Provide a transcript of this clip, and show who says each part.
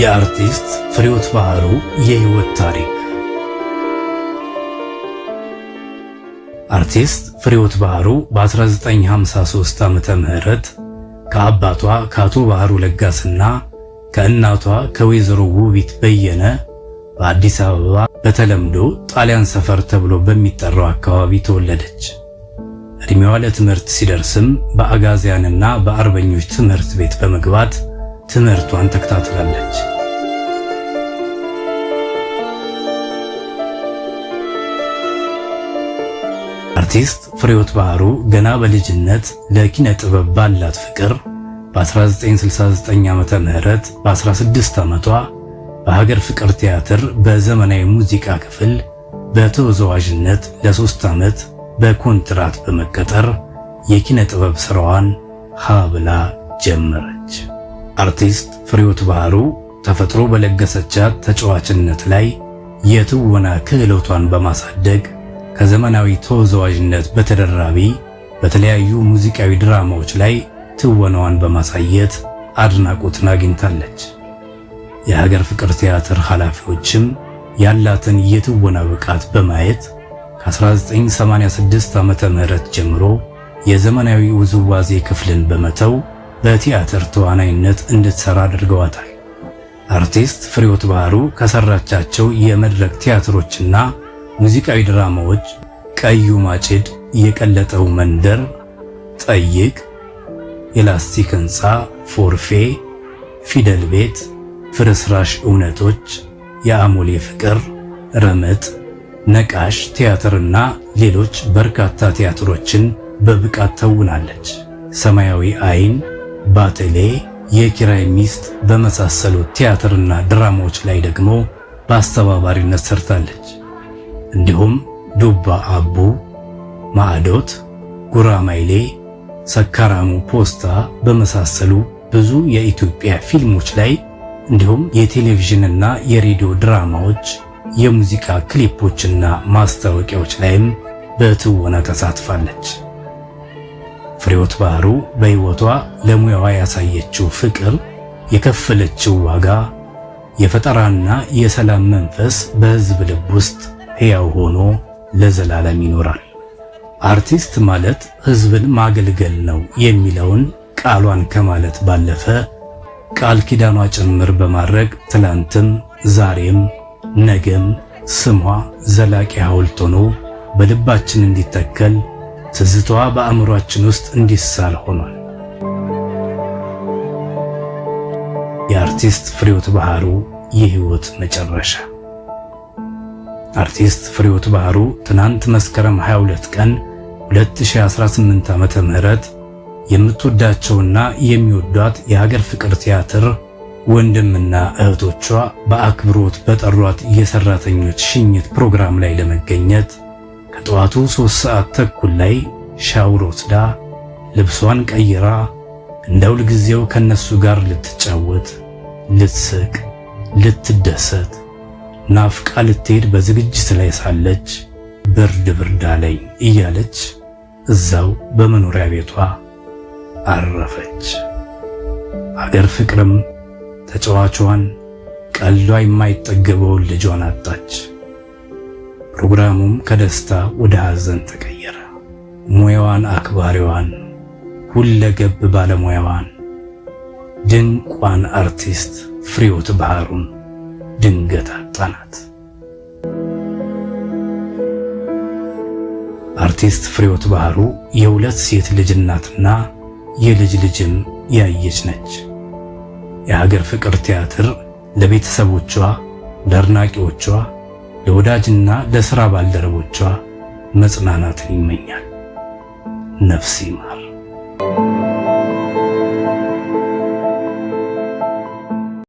Speaker 1: የአርቲስት ፍሬሕይወት ባህሩ የህይወት ታሪክ አርቲስት ፍሬሕይወት ባህሩ በ1953 ዓመተ ምህረት ከአባቷ ከአቶ ባህሩ ለጋስና ከእናቷ ከወይዘሮ ውቢት በየነ በአዲስ አበባ በተለምዶ ጣሊያን ሰፈር ተብሎ በሚጠራው አካባቢ ተወለደች። ዕድሜዋ ለትምህርት ሲደርስም በአጋዚያንና በአርበኞች ትምህርት ቤት በመግባት ትምህርቷን ተከታትላለች። አርቲስት ፍሬሕይወት ባህሩ ገና በልጅነት ለኪነ ጥበብ ባላት ፍቅር በ1969 ዓመተ ምህረት በ16 ዓመቷ በሀገር ፍቅር ቲያትር በዘመናዊ ሙዚቃ ክፍል በተወዛዋዥነት ለሶስት ዓመት በኮንትራት በመቀጠር የኪነ ጥበብ ስራዋን ሀብላ ጀመረች። አርቲስት ፍሬዎት ባህሩ ተፈጥሮ በለገሰቻት ተጫዋችነት ላይ የትወና ክህሎቷን በማሳደግ ከዘመናዊ ተወዛዋዥነት በተደራቢ በተለያዩ ሙዚቃዊ ድራማዎች ላይ ትወናዋን በማሳየት አድናቆትን አግኝታለች። የሀገር ፍቅር ቲያትር ኃላፊዎችም ያላትን የትወና ብቃት በማየት ከ1986 ዓመተ ምህረት ጀምሮ የዘመናዊ ውዝዋዜ ክፍልን በመተው በቲያትር ተዋናይነት እንድትሰራ አድርገዋታል። አርቲስት ፍሬዎት ባህሩ ከሰራቻቸው የመድረክ ቲያትሮችና ሙዚቃዊ ድራማዎች ቀዩ ማጭድ፣ የቀለጠው መንደር፣ ጠይቅ፣ የላስቲክ ሕንፃ፣ ፎርፌ፣ ፊደል ቤት፣ ፍርስራሽ እውነቶች፣ የአሞሌ ፍቅር፣ ረመጥ ነቃሽ ቲያትርና ሌሎች በርካታ ቲያትሮችን በብቃት ተውናለች። ሰማያዊ አይን፣ ባቴሌ፣ የኪራይ ሚስት በመሳሰሉት ቲያትርና ድራማዎች ላይ ደግሞ በአስተባባሪነት ሰርታለች። እንዲሁም ዱባ አቡ፣ ማዕዶት፣ ጉራማይሌ፣ ሰካራሙ ፖስታ በመሳሰሉ ብዙ የኢትዮጵያ ፊልሞች ላይ እንዲሁም የቴሌቪዥንና የሬዲዮ ድራማዎች የሙዚቃ ክሊፖችና ማስታወቂያዎች ላይም በትወና ተሳትፋለች። ፍሬሕይወት ባህሩ በሕይወቷ ለሙያዋ ያሳየችው ፍቅር፣ የከፈለችው ዋጋ፣ የፈጠራና የሰላም መንፈስ በሕዝብ ልብ ውስጥ ሕያው ሆኖ ለዘላለም ይኖራል። አርቲስት ማለት ሕዝብን ማገልገል ነው የሚለውን ቃሏን ከማለት ባለፈ ቃል ኪዳኗ ጭምር በማድረግ ትላንትም ዛሬም ነገም ስሟ ዘላቂ ሐውልት ሆኖ በልባችን እንዲተከል ትዝታዋ በአእምሯችን ውስጥ እንዲሳል ሆኗል። የአርቲስት ፍሬሕይወት ባህሩ የህይወት መጨረሻ። አርቲስት ፍሬሕይወት ባህሩ ትናንት መስከረም 22 ቀን 2018 ዓ.ም የምትወዳቸውና የሚወዷት የሀገር ፍቅር ቲያትር ወንድምና እህቶቿ በአክብሮት በጠሯት የሰራተኞች ሽኝት ፕሮግራም ላይ ለመገኘት ከጠዋቱ ሦስት ሰዓት ተኩል ላይ ሻውር ወስዳ ልብሷን ቀይራ እንደ ሁልጊዜው ከነሱ ጋር ልትጫወት፣ ልትስቅ፣ ልትደሰት ናፍቃ ልትሄድ በዝግጅት ላይ ሳለች ብርድ ብርድ አለኝ እያለች እዛው በመኖሪያ ቤቷ አረፈች። አገር ፍቅርም ተጫዋቿን ቀልዷ የማይጠገበውን ልጇን አጣች። ፕሮግራሙም ከደስታ ወደ ሐዘን ተቀየረ። ሙያዋን አክባሪዋን፣ ሁለገብ ባለሙያዋን፣ ድንቋን አርቲስት ፍሬሕይወት ባህሩን ድንገት አጣናት። አርቲስት ፍሬሕይወት ባህሩ የሁለት ሴት ልጅ እናትና የልጅ ልጅም ያየች ነች። የሀገር ፍቅር ቲያትር ለቤተሰቦቿ፣ ለአድናቂዎቿ፣ ለወዳጅና ለሥራ ባልደረቦቿ መጽናናትን ይመኛል። ነፍስ ይማር።